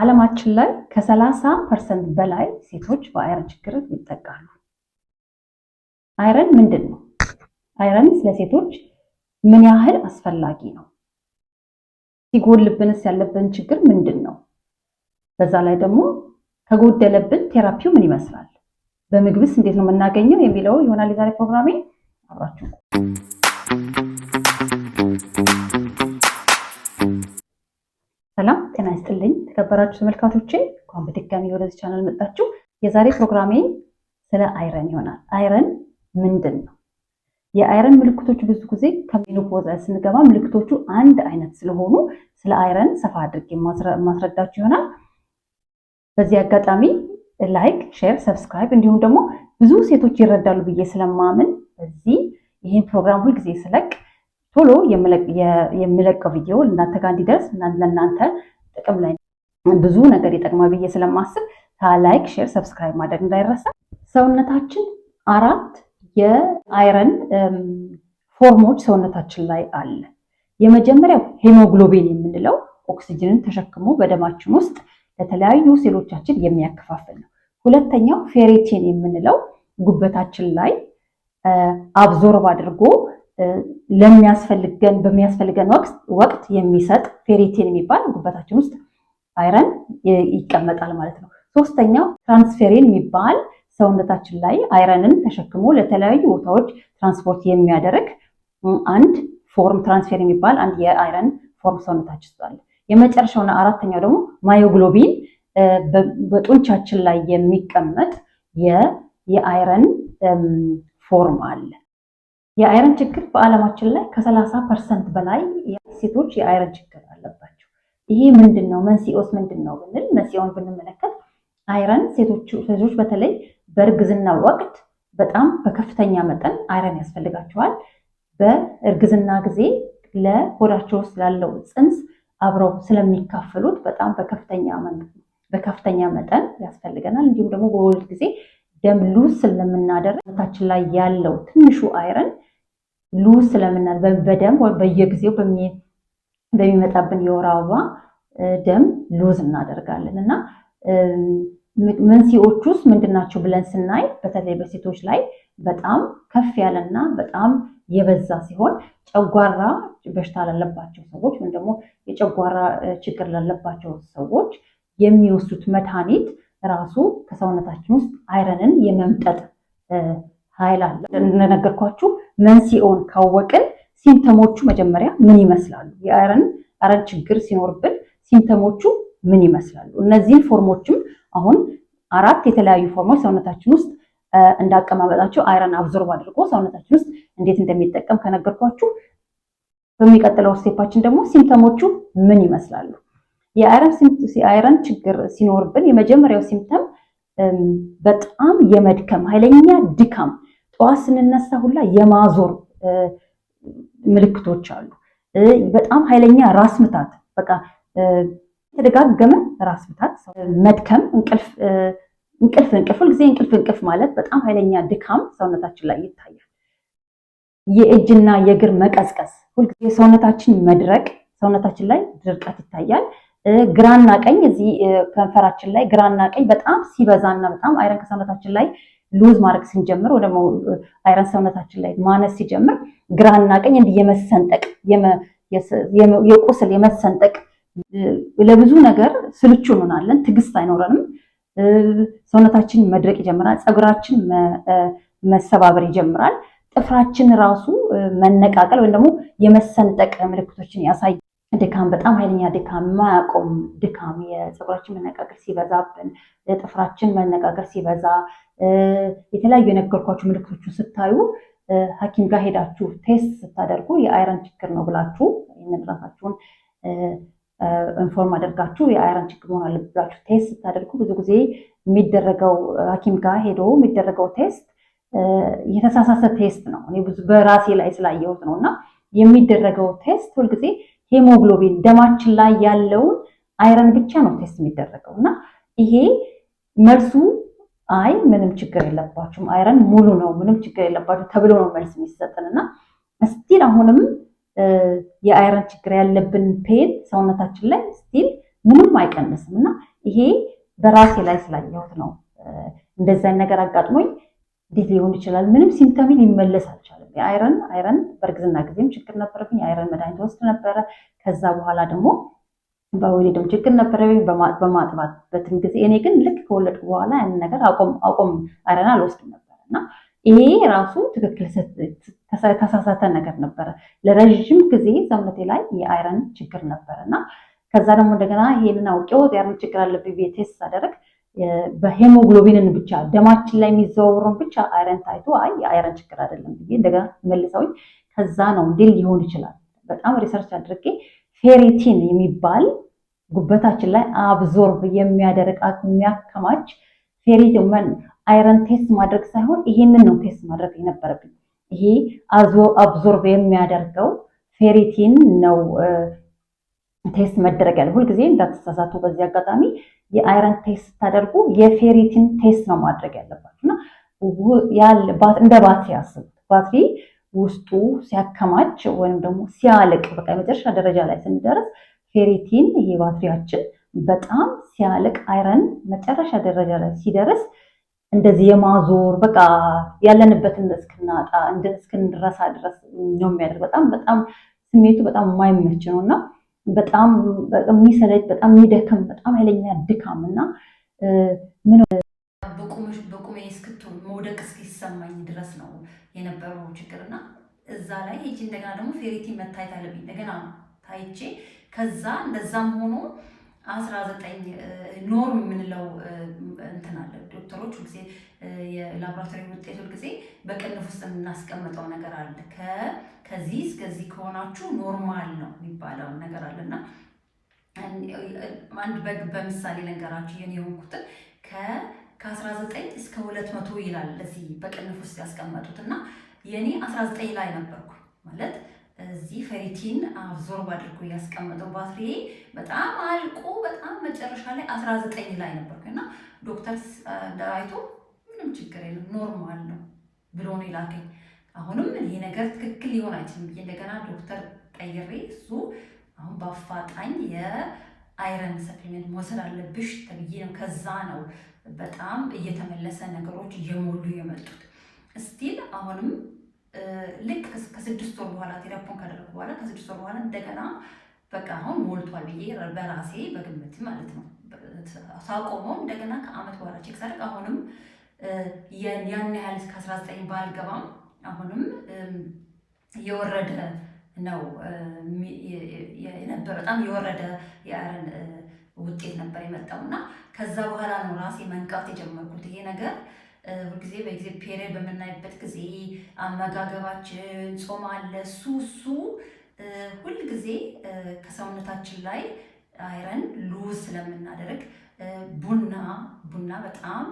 ዓለማችን ላይ ከ30 ፐርሰንት በላይ ሴቶች በአይረን ችግር ይጠቃሉ። አይረን ምንድን ነው? አይረን ለሴቶች ምን ያህል አስፈላጊ ነው? ሲጎልብንስ ያለብን ችግር ምንድን ነው? በዛ ላይ ደግሞ ከጎደለብን ቴራፒው ምን ይመስላል፣ በምግብስ እንዴት ነው የምናገኘው የሚለው ይሆናል የዛሬ ፕሮግራሜ አብራችሁ የተከበራችሁ ተመልካቾቼ እንኳን በድጋሚ ወደዚህ ቻናል መጣችሁ። የዛሬ ፕሮግራሜ ስለ አይረን ይሆናል። አይረን ምንድን ነው? የአይረን ምልክቶች ብዙ ጊዜ ከሜኖፖዝ ስንገባ ምልክቶቹ አንድ አይነት ስለሆኑ ስለ አይረን ሰፋ አድርጌ ማስረዳችሁ ይሆናል። በዚህ አጋጣሚ ላይክ፣ ሼር፣ ሰብስክራይብ እንዲሁም ደግሞ ብዙ ሴቶች ይረዳሉ ብዬ ስለማምን በዚህ ይህን ፕሮግራም ሁልጊዜ ስለቅ ቶሎ የምለቀው ቪዲዮ እናንተ ጋር እንዲደርስ ለእናንተ ጥቅም ላይ ብዙ ነገር ይጠቅማ ብዬ ስለማስብ ላይክ፣ ሼር፣ ሰብስክራይብ ማድረግ እንዳይረሳ። ሰውነታችን አራት የአይረን ፎርሞች ሰውነታችን ላይ አለ። የመጀመሪያው ሄሞግሎቢን የምንለው ኦክሲጅንን ተሸክሞ በደማችን ውስጥ ለተለያዩ ሴሎቻችን የሚያከፋፍል ነው። ሁለተኛው ፌሬቲን የምንለው ጉበታችን ላይ አብዞርብ አድርጎ ለሚያስፈልገን በሚያስፈልገን ወቅት የሚሰጥ ፌሬቲን የሚባል ጉበታችን ውስጥ አይረን ይቀመጣል ማለት ነው። ሶስተኛው ትራንስፌሪን የሚባል ሰውነታችን ላይ አይረንን ተሸክሞ ለተለያዩ ቦታዎች ትራንስፖርት የሚያደርግ አንድ ፎርም ትራንስፌር የሚባል አንድ የአይረን ፎርም ሰውነታችን ውስጥ አለ። የመጨረሻውና አራተኛው ደግሞ ማዮግሎቢን በጡንቻችን ላይ የሚቀመጥ የአይረን ፎርም አለ። የአይረን ችግር በዓለማችን ላይ ከሰላሳ ፐርሰንት በላይ ሴቶች የአይረን ችግር አለበት። ይሄ ምንድን ነው? መንስኤውስ ምንድን ነው ብንል መንስኤውን ብንመለከት አይረን ሴቶች በተለይ በእርግዝና ወቅት በጣም በከፍተኛ መጠን አይረን ያስፈልጋቸዋል። በእርግዝና ጊዜ ለሆዳቸው ውስጥ ላለው ፅንስ አብረው ስለሚካፈሉት በጣም በከፍተኛ በከፍተኛ መጠን ያስፈልገናል። እንዲሁም ደግሞ በወልድ ጊዜ ደም ሉዝ ስለምናደርግ ታችን ላይ ያለው ትንሹ አይረን ሉዝ ስለምናደርግ በደም በየጊዜው በሚሄድ በሚመጣብን የወር አበባ ደም ሉዝ እናደርጋለን እና መንስኤዎች ውስጥ ምንድናቸው ብለን ስናይ በተለይ በሴቶች ላይ በጣም ከፍ ያለና በጣም የበዛ ሲሆን ጨጓራ በሽታ ላለባቸው ሰዎች ወይም ደግሞ የጨጓራ ችግር ላለባቸው ሰዎች የሚወስዱት መድኃኒት ራሱ ከሰውነታችን ውስጥ አይረንን የመምጠጥ ኃይል አለ። እንደነገርኳችሁ መንስኤውን ካወቅን ሲምተሞቹ መጀመሪያ ምን ይመስላሉ? የአረን አረን ችግር ሲኖርብን ሲምተሞቹ ምን ይመስላሉ? እነዚህን ፎርሞችም አሁን አራት የተለያዩ ፎርሞች ሰውነታችን ውስጥ እንዳቀማመጣቸው አይረን አብዞርብ አድርጎ ሰውነታችን ውስጥ እንዴት እንደሚጠቀም ከነገርኳችሁ በሚቀጥለው ስቴፓችን ደግሞ ሲምተሞቹ ምን ይመስላሉ? የአይረን ችግር ሲኖርብን የመጀመሪያው ሲምተም በጣም የመድከም ኃይለኛ ድካም፣ ጠዋት ስንነሳ ሁላ የማዞር ምልክቶች አሉ። በጣም ኃይለኛ ራስ ምታት፣ በቃ የተደጋገመ ራስ ምታት፣ መድከም፣ እንቅልፍ እንቅልፍ እንቅልፍ ሁልጊዜ እንቅልፍ እንቅልፍ ማለት በጣም ኃይለኛ ድካም ሰውነታችን ላይ ይታያል። የእጅና የእግር መቀዝቀዝ፣ ሁልጊዜ ሰውነታችን መድረቅ፣ ሰውነታችን ላይ ድርቀት ይታያል። ግራና ቀኝ እዚህ ከንፈራችን ላይ ግራና ቀኝ በጣም ሲበዛና በጣም አይረን ከሰውነታችን ላይ ሉዝ ማድረግ ሲጀምር ወደ አይረን ሰውነታችን ላይ ማነስ ሲጀምር ግራና ቀኝ እንዲህ የመሰንጠቅ የቁስል የመሰንጠቅ ለብዙ ነገር ስልቹ እንሆናለን። ትዕግስት አይኖረንም። ሰውነታችን መድረቅ ይጀምራል። ፀጉራችን መሰባበር ይጀምራል። ጥፍራችን ራሱ መነቃቀል ወይም ደግሞ የመሰንጠቅ ምልክቶችን ያሳያል። ድካም በጣም ኃይለኛ ድካም የማያቆም ድካም፣ የፀጉራችን መነቃቀል ሲበዛብን፣ ጥፍራችን መነቃቀል ሲበዛ፣ የተለያዩ የነገርኳችሁ ምልክቶቹ ስታዩ ሐኪም ጋር ሄዳችሁ ቴስት ስታደርጉ የአይረን ችግር ነው ብላችሁ ይህንን ራሳችሁን ኢንፎርም አደርጋችሁ የአይረን ችግር መሆን አለ ብላችሁ ቴስት ስታደርጉ ብዙ ጊዜ የሚደረገው ሐኪም ጋር ሄዶ የሚደረገው ቴስት የተሳሳሰ ቴስት ነው። እኔ ብዙ በራሴ ላይ ስላየሁት ነው እና የሚደረገው ቴስት ሁልጊዜ ሄሞግሎቢን ደማችን ላይ ያለውን አይረን ብቻ ነው ቴስት የሚደረገው እና ይሄ መልሱ አይ ምንም ችግር የለባችሁም አይረን ሙሉ ነው ምንም ችግር የለባችሁ ተብሎ ነው መልስ የሚሰጥን እና ስቲል አሁንም የአይረን ችግር ያለብን ፔን ሰውነታችን ላይ ስቲል ምንም አይቀንስም እና ይሄ በራሴ ላይ ስላየሁት ነው እንደዛን ነገር አጋጥሞኝ እንዴት ሊሆን ይችላል? ምንም ሲምቶሚ ሊመለስ አልቻለም። የአይረን አይረን በእርግዝና ጊዜም ችግር ነበረብኝ። የአይረን መድኃኒት ወስድ ነበረ። ከዛ በኋላ ደግሞ በወሊድም ችግር ነበረብኝ በማጥባትበትም ጊዜ እኔ ግን ልክ ከወለድኩ በኋላ ያንን ነገር አቆም አይረን አልወስድም ነበረ እና ይሄ ራሱ ትክክል ተሳሳተ ነገር ነበረ። ለረዥም ጊዜ ሰውነቴ ላይ የአይረን ችግር ነበረ እና ከዛ ደግሞ እንደገና ይሄንን አውቄ የአይረን ችግር አለብኝ ቤቴ ሳደረግ በሄሞግሎቢንን ብቻ ደማችን ላይ የሚዘዋወረውን ብቻ አይረን ታይቶ አይ የአይረን ችግር አይደለም ብዬ እንደገና መልሰው ከዛ ነው እንዴ ሊሆን ይችላል። በጣም ሪሰርች አድርጌ ፌሪቲን የሚባል ጉበታችን ላይ አብዞርብ የሚያደርግ የሚያከማች ፌሪቲን አይረን ቴስት ማድረግ ሳይሆን ይሄንን ነው ቴስት ማድረግ የነበረብኝ። ይሄ አብዞርብ የሚያደርገው ፌሪቲን ነው። ቴስት መደረግ ያለ ሁልጊዜ እንዳትሳሳቱ። በዚህ አጋጣሚ የአይረን ቴስት ስታደርጉ የፌሪቲን ቴስት ነው ማድረግ ያለባችሁ እና እንደ ባትሪ አስቡት። ባትሪ ውስጡ ሲያከማች ወይም ደግሞ ሲያልቅ በቃ የመጨረሻ ደረጃ ላይ ስንደርስ ፌሪቲን ይሄ ባትሪያችን በጣም ሲያልቅ አይረን መጨረሻ ደረጃ ላይ ሲደርስ እንደዚህ የማዞር በቃ ያለንበትን እስክናጣ እስክንረሳ ድረስ ነው የሚያደርግ። በጣም በጣም ስሜቱ በጣም የማይመች ነው እና በጣም የሚሰለች በጣም የሚደክም በጣም ኃይለኛ ድካም እና ምን በቁሜ እስክትሆን መውደቅ እስኪሰማኝ ድረስ ነው የነበረው ችግር እና እዛ ላይ ይቺ እንደገና ደግሞ ፌሪቲ መታየት አለብኝ እንደገና ታይቼ ከዛ እንደዛም ሆኖ አስራ ዘጠኝ ኖርም የምንለው እንትን አለ። ዶክተሮች ሁልጊዜ የላቦራቶሪ ውጤት ሁልጊዜ በቅንፍ ውስጥ የምናስቀምጠው ነገር አለ። ከዚህ እስከዚህ ከሆናችሁ ኖርማል ነው የሚባለው ነገር አለ እና አንድ በምሳሌ ነገራችሁ የኔ የሆንኩትን ከ19 እስከ ሁለት መቶ ይላል። ለዚህ በቅንፍ ውስጥ ያስቀመጡት እና የኔ 19 ዘጠኝ ላይ ነበርኩ ማለት እዚህ ፈሪቲን አብዞርብ አድርጎ ያስቀመጠው ባትሪ በጣም አልቆ በጣም መጨረሻ ላይ 19 ላይ ነበርኩ እና ዶክተር እንዳይቶ ምንም ችግር የለም ኖርማል ነው ብሎ ነው ይላከኝ። አሁንም ይሄ ነገር ትክክል ሊሆን አይችልም ብዬ እንደገና ዶክተር ጠይሬ እሱ አሁን በአፋጣኝ የአይረን ሰፕሊመንት መውሰድ አለብሽ ተብዬ ነው። ከዛ ነው በጣም እየተመለሰ ነገሮች እየሞሉ የመጡት። ስቲል አሁንም ልክ ከስድስት ወር በኋላ ቴራፖን ካደረጉ በኋላ ከስድስት ወር በኋላ እንደገና በቃ አሁን ሞልቷል ብዬ በራሴ በግምት ማለት ነው ሳቆመው እንደገና ከአመት በኋላ ቼክ ሳደርግ አሁንም ያን ያህል እስከ 19 ባልገባም አሁንም የወረደ ነው ነበር። በጣም የወረደ የአረን ውጤት ነበር የመጣው እና ከዛ በኋላ ነው ራሴ መንቃት የጀመርኩት ይሄ ነገር ሁልጊዜ በጊዜ ፔሬድ በምናይበት ጊዜ አመጋገባችን፣ ጾም አለ እሱ እሱ ሁልጊዜ ከሰውነታችን ላይ አይረን ሉዝ ስለምናደርግ ቡና ቡና በጣም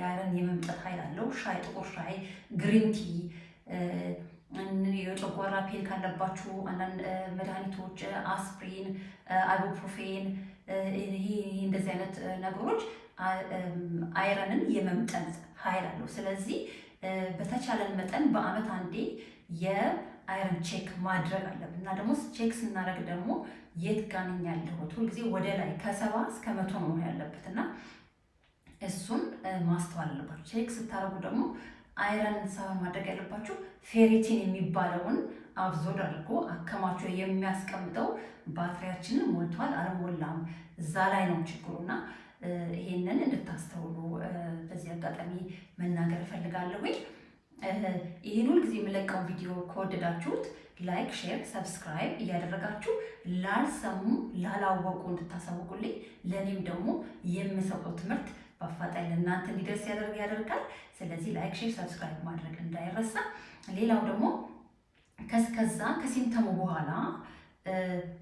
የአይረን የመምጠት ኃይል አለው። ሻይ፣ ጥቁር ሻይ፣ ግሪንቲ የጨጓራ ፔን ካለባችሁ አንዳንድ መድኃኒቶች አስፕሪን፣ አይቦፕሮፌን ይህ እንደዚህ አይነት ነገሮች አይረንን የመምጠት ኃይል አለው። ስለዚህ በተቻለን መጠን በአመት አንዴ የአይረን ቼክ ማድረግ አለብን እና ደግሞ ቼክ ስናደርግ ደግሞ የት ጋንኝ ያለሁት ሁልጊዜ ወደ ላይ ከሰባ እስከ መቶ መሆን ያለበት እና እሱን ማስተዋል አለባችሁ። ቼክ ስታደርጉ ደግሞ አይረን ሰባ ማድረግ ያለባችሁ ፌሪቲን የሚባለውን አብዞድ አድርጎ አከማቸው የሚያስቀምጠው ባትሪያችንን ሞልቷል አልሞላም፣ እዛ ላይ ነው ችግሩና ይሄንን እንድታስተውሉ በዚህ አጋጣሚ መናገር እፈልጋለሁኝ። ይህን ሁል ጊዜ የምለቀው ቪዲዮ ከወደዳችሁት ላይክ፣ ሼር፣ ሰብስክራይብ እያደረጋችሁ ላልሰሙ ላላወቁ እንድታሳውቁልኝ ለእኔም ደግሞ የምሰጠው ትምህርት በአፋጣኝ ለእናንተ እንዲደርስ ያደርግ ያደርጋል። ስለዚህ ላይክ፣ ሼር፣ ሰብስክራይብ ማድረግ እንዳይረሳ። ሌላው ደግሞ ከዛ ከሲምተሙ በኋላ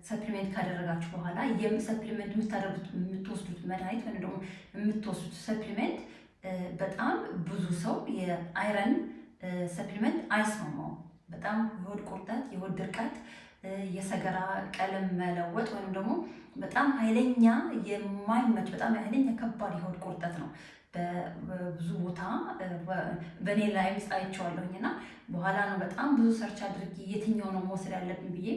ሰፕሊመንት ካደረጋችሁ በኋላ ሰፕሊሜንት የምታደርጉት የምትወስዱት መድኃኒት ወይም ደግሞ የምትወስዱት ሰፕሊመንት በጣም ብዙ ሰው የአይረን ሰፕሊመንት አይስማማውም። በጣም የሆድ ቁርጠት፣ የሆድ ድርቀት፣ የሰገራ ቀለም መለወጥ ወይም ደግሞ በጣም ኃይለኛ የማይመች በጣም ኃይለኛ ከባድ የሆድ ቁርጠት ነው። በብዙ ቦታ በእኔ ላይ አይቼዋለሁኝ እና በኋላ ነው በጣም ብዙ ሰርች አድርጌ የትኛው ነው መውሰድ ያለብኝ ብዬ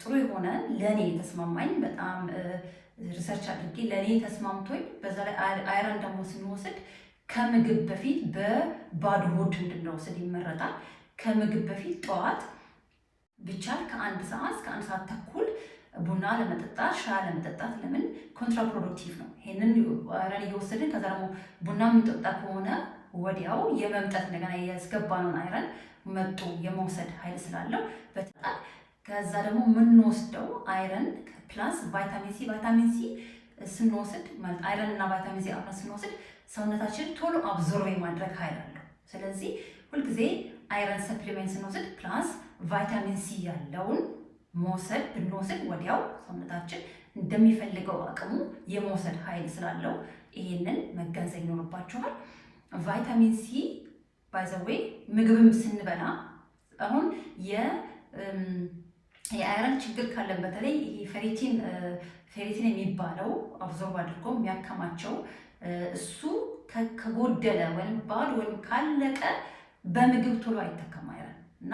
ጥሩ የሆነ ለእኔ የተስማማኝ በጣም ሪሰርች አድርጌ ለእኔ ተስማምቶኝ፣ በዛ ላይ አይረን ደግሞ ስንወስድ ከምግብ በፊት በባዶ ሆድ እንድንወስድ ይመረጣል። ከምግብ በፊት ጠዋት ቢቻል ከአንድ ሰዓት እስከ አንድ ሰዓት ተኩል ቡና ለመጠጣት ሻ ለመጠጣት ለምን ኮንትራፕሮዶክቲቭ ነው። ይህንን አይረን እየወሰድን ከዛ ደግሞ ቡና የምንጠጣ ከሆነ ወዲያው የመምጠት እንደገና ያስገባነውን አይረን መጡ የመውሰድ ኃይል ስላለው በጣም ከዛ ደግሞ የምንወስደው አይረን ፕላስ ቫይታሚን ሲ ቫይታሚን ሲ ስንወስድ ማለት አይረን እና ቫይታሚን ሲ አብረን ስንወስድ ሰውነታችን ቶሎ አብዞርብ የማድረግ ኃይል አለው። ስለዚህ ሁልጊዜ አይረን ሰፕሊሜንት ስንወስድ ፕላስ ቫይታሚን ሲ ያለውን መውሰድ ብንወስድ ወዲያው ሰውነታችን እንደሚፈልገው አቅሙ የመውሰድ ኃይል ስላለው ይሄንን መገንዘብ ይኖርባችኋል። ቫይታሚን ሲ ባይዘዌ ምግብም ስንበላ አሁን የአይረን ችግር ካለን በተለይ ፌሪቲን ፌሪቲን የሚባለው አብዞርብ አድርጎ የሚያከማቸው እሱ ከጎደለ ወይም ባድ ወይም ካለቀ በምግብ ቶሎ አይተከም አይረን እና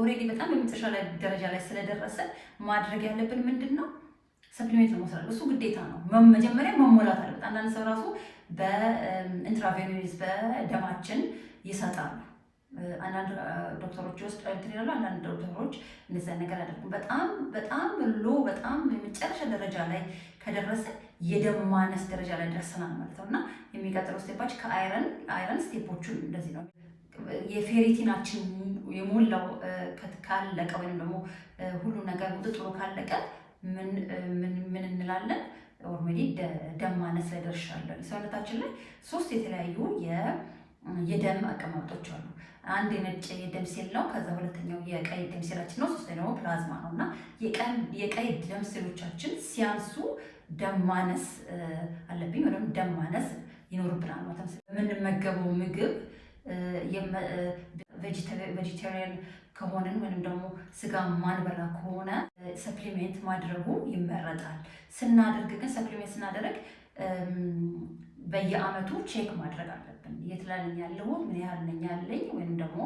ኦሬዲ በጣም በመጨረሻ ላይ ደረጃ ላይ ስለደረሰ ማድረግ ያለብን ምንድን ነው? ሰፕሊሜንት መውሰድ እሱ ግዴታ ነው። መጀመሪያ መሞላት አለበት። አንዳንድ ሰው ራሱ በኢንትራቬኒስ በደማችን ይሰጣሉ። አንዳንድ ዶክተሮች ውስጥ እንትን ይላሉ። አንዳንድ ዶክተሮች እንደዚያ ነገር አያደርጉም። በጣም በጣም ሎ በጣም የመጨረሻ ደረጃ ላይ ከደረሰ የደም ማነስ ደረጃ ላይ ደርሰናል ማለት ነው እና የሚቀጥለው ስቴፓች ከአይረን አይረን ስቴፖቹን እንደዚህ ነው። የፌሪቲናችን የሞላው ካለቀ ወይም ደግሞ ሁሉ ነገር ውጥጥሩ ካለቀ ምን እንላለን? ኦልሬዲ ደም ማነስ ላይ ደርሻለን። ሰውነታችን ላይ ሶስት የተለያዩ የ የደም አቀማመጦች አሉ። አንድ የነጭ የደም ሴል ነው። ከዛ ሁለተኛው የቀይ ደም ሴላችን ነው። ሶስተኛው ፕላዝማ ነው እና የቀይ ደም ሴሎቻችን ሲያንሱ ደም ማነስ አለብኝ ወይም ደም ማነስ ይኖርብናል ማለት ነው። የምንመገበው ምግብ ቬጂቴሪያን ከሆንን ወይም ደግሞ ስጋ ማንበላ ከሆነ ሰፕሊሜንት ማድረጉ ይመረጣል። ስናደርግ ግን ሰፕሊሜንት ስናደርግ በየአመቱ ቼክ ማድረግ አለብን። የት ላይ ነኝ ያለሁት፣ ምን ያህል ነኝ ያለኝ ወይም ደግሞ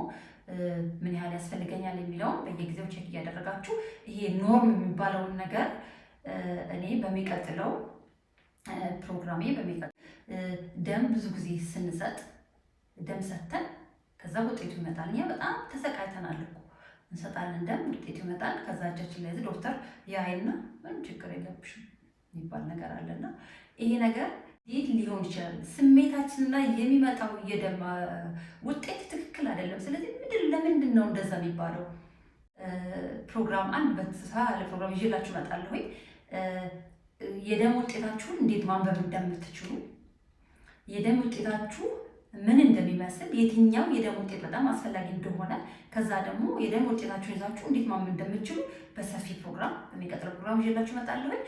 ምን ያህል ያስፈልገኛል የሚለውን በየጊዜው ቼክ እያደረጋችሁ ይሄ ኖርም የሚባለውን ነገር እኔ በሚቀጥለው ፕሮግራሜ በሚቀጥለው ደም ብዙ ጊዜ ስንሰጥ ደም ሰጥተን ከዛ ውጤቱ ይመጣል። እኛ በጣም ተሰቃይተናል እኮ እንሰጣለን ደም፣ ውጤቱ ይመጣል። ከዛ እጃችን ላይ ዶክተር ያይና ምን ችግር የለብሽም የሚባል ነገር አለና ይሄ ነገር ይህ ሊሆን ይችላል። ስሜታችን ላይ የሚመጣው የደም ውጤት ትክክል አይደለም። ስለዚህ ምድር ለምንድን ነው እንደዛ የሚባለው? ፕሮግራም አንድ በተሳ ለፕሮግራም ይዤላችሁ እመጣለሁ። የደም ውጤታችሁን እንዴት ማንበብ እንደምትችሉ፣ የደም ውጤታችሁ ምን እንደሚመስል፣ የትኛው የደም ውጤት በጣም አስፈላጊ እንደሆነ፣ ከዛ ደግሞ የደም ውጤታችሁን ይዛችሁ እንዴት ማንበብ እንደምችሉ በሰፊ ፕሮግራም የሚቀጥለው ፕሮግራም ይዤላችሁ እመጣለሁ።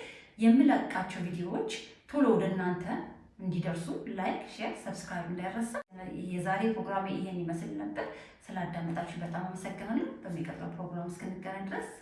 የምለቃቸው ቪዲዮዎች ቶሎ ወደ እናንተ እንዲደርሱ ላይክ፣ ሼር፣ ሰብስክራይብ እንዳይረሳ። የዛሬ ፕሮግራም ይሄን ይመስል ነበር። ስላዳመጣችሁ በጣም አመሰግናለሁ። በሚቀጥለው ፕሮግራም እስክንገናኝ ድረስ